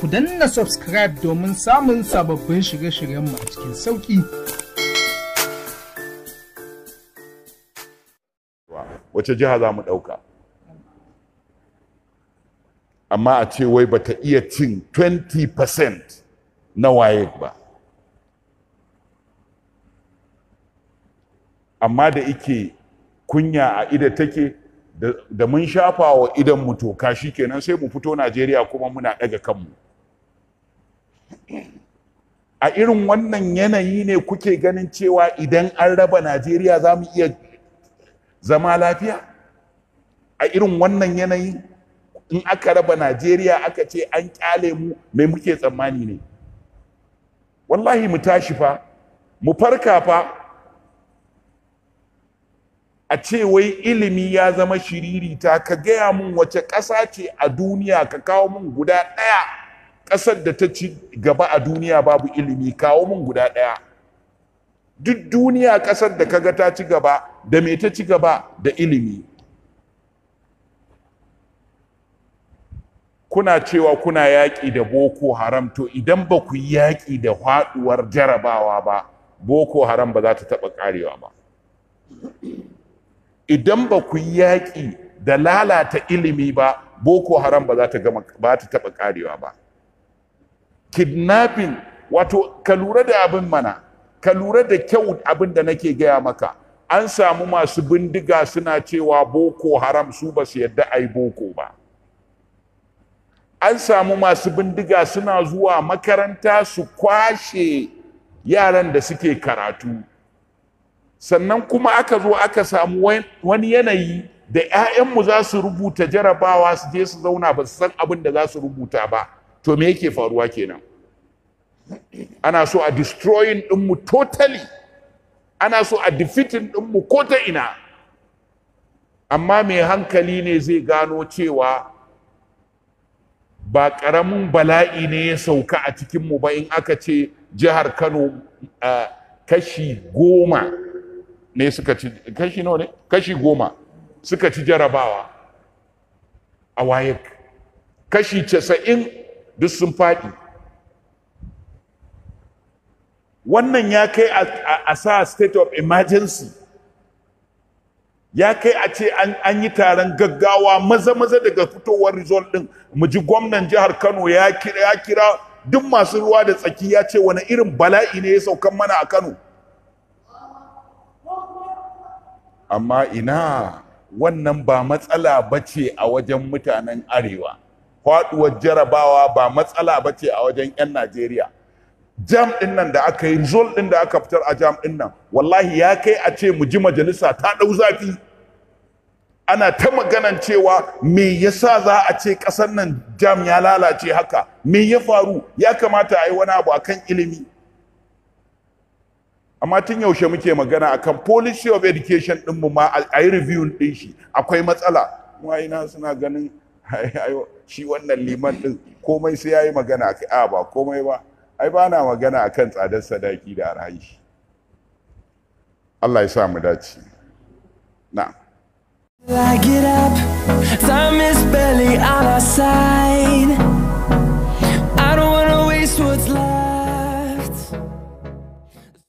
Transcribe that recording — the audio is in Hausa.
ku danna subscribe domin samun sababbin shirye-shiryenmu a cikin sauƙi. Wace jiha za mu ɗauka? Amma a ce wai bata iya cin 20% na waye ba. Amma da ike kunya a ida take da mun shafa wa idan mu toka shi kenan sai mu fito Najeriya kuma muna ɗaga kanmu. a irin wannan yanayi ne kuke ganin cewa idan an raba najeriya za mu iya zama lafiya a irin wannan yanayi in aka raba najeriya aka ce an kyale mu mai muke tsammani ne wallahi mu tashi fa mu farka fa a ce wai ilimi ya zama shiririta ka gaya mun wace ƙasa ce a duniya ka kawo mun guda ɗaya ƙasar da ta ci gaba a duniya babu ilimi kawo mun guda ɗaya duk duniya ƙasar da kaga ta ci gaba da me ta ci gaba da ilimi kuna cewa kuna yaƙi da boko haram to idan ba ku yi yaƙi da haɗuwar jarabawa ba boko haram ba za ta taɓa ƙarewa ba idan ba ku yi yaƙi da lalata ilimi ba boko haram ba za ta taɓa ƙarewa ba kidnapping wato ka lura da abin mana ka lura da kyau abin da nake gaya maka an samu masu bindiga suna cewa boko haram su ba su yadda ai boko ba an samu masu bindiga suna zuwa makaranta su kwashe yaran da suke karatu sannan kuma aka zo aka samu wani yanayi da 'ya'yanmu za su rubuta jarabawa su je su zauna ba su san abin da za su rubuta ba to me yake faruwa kenan ana so a destroying mu totally ana so a defeating ɗinmu ko ta ina amma mai hankali ne zai gano cewa ba ƙaramin bala'i ne ya sauka a cikinmu ba in aka ce jihar kano kashi goma ne suka ci kashi nawa ne kashi goma suka ci jarabawa a wayek kashi casa'in duk sun faɗi wannan ya kai a sa state of emergency ya kai a ce an yi taron gaggawa maza-maza daga fitowar result din mu ji gwamnan jihar kano ya kira duk masu ruwa da tsaki ya ce wani irin bala'i ne ya saukan mana a kano amma ina wannan ba matsala ba ce a wajen mutanen arewa faduwar jarabawa ba matsala ba ce a wajen 'yan Najeriya. Jam ɗin nan da aka yi, result ɗin da aka fitar a jam ɗin nan, wallahi ya kai a ce mu ji majalisa ta ɗau zafi. Ana ta maganan cewa me yasa za a ce ƙasar nan jam ya lalace haka, me ya faru, ya kamata a yi wani abu akan ilimi. amma tun yaushe muke magana a kan policy of education ɗinmu ma a yi review ɗin shi akwai matsala. Wa'ina suna ganin shi wannan liman ɗin, komai sai yayi magana akai a ba komai ba ai ba na magana akan tsadar sadaki da arhayi Allah ya sa mu dace na. I get up, time is barely on our side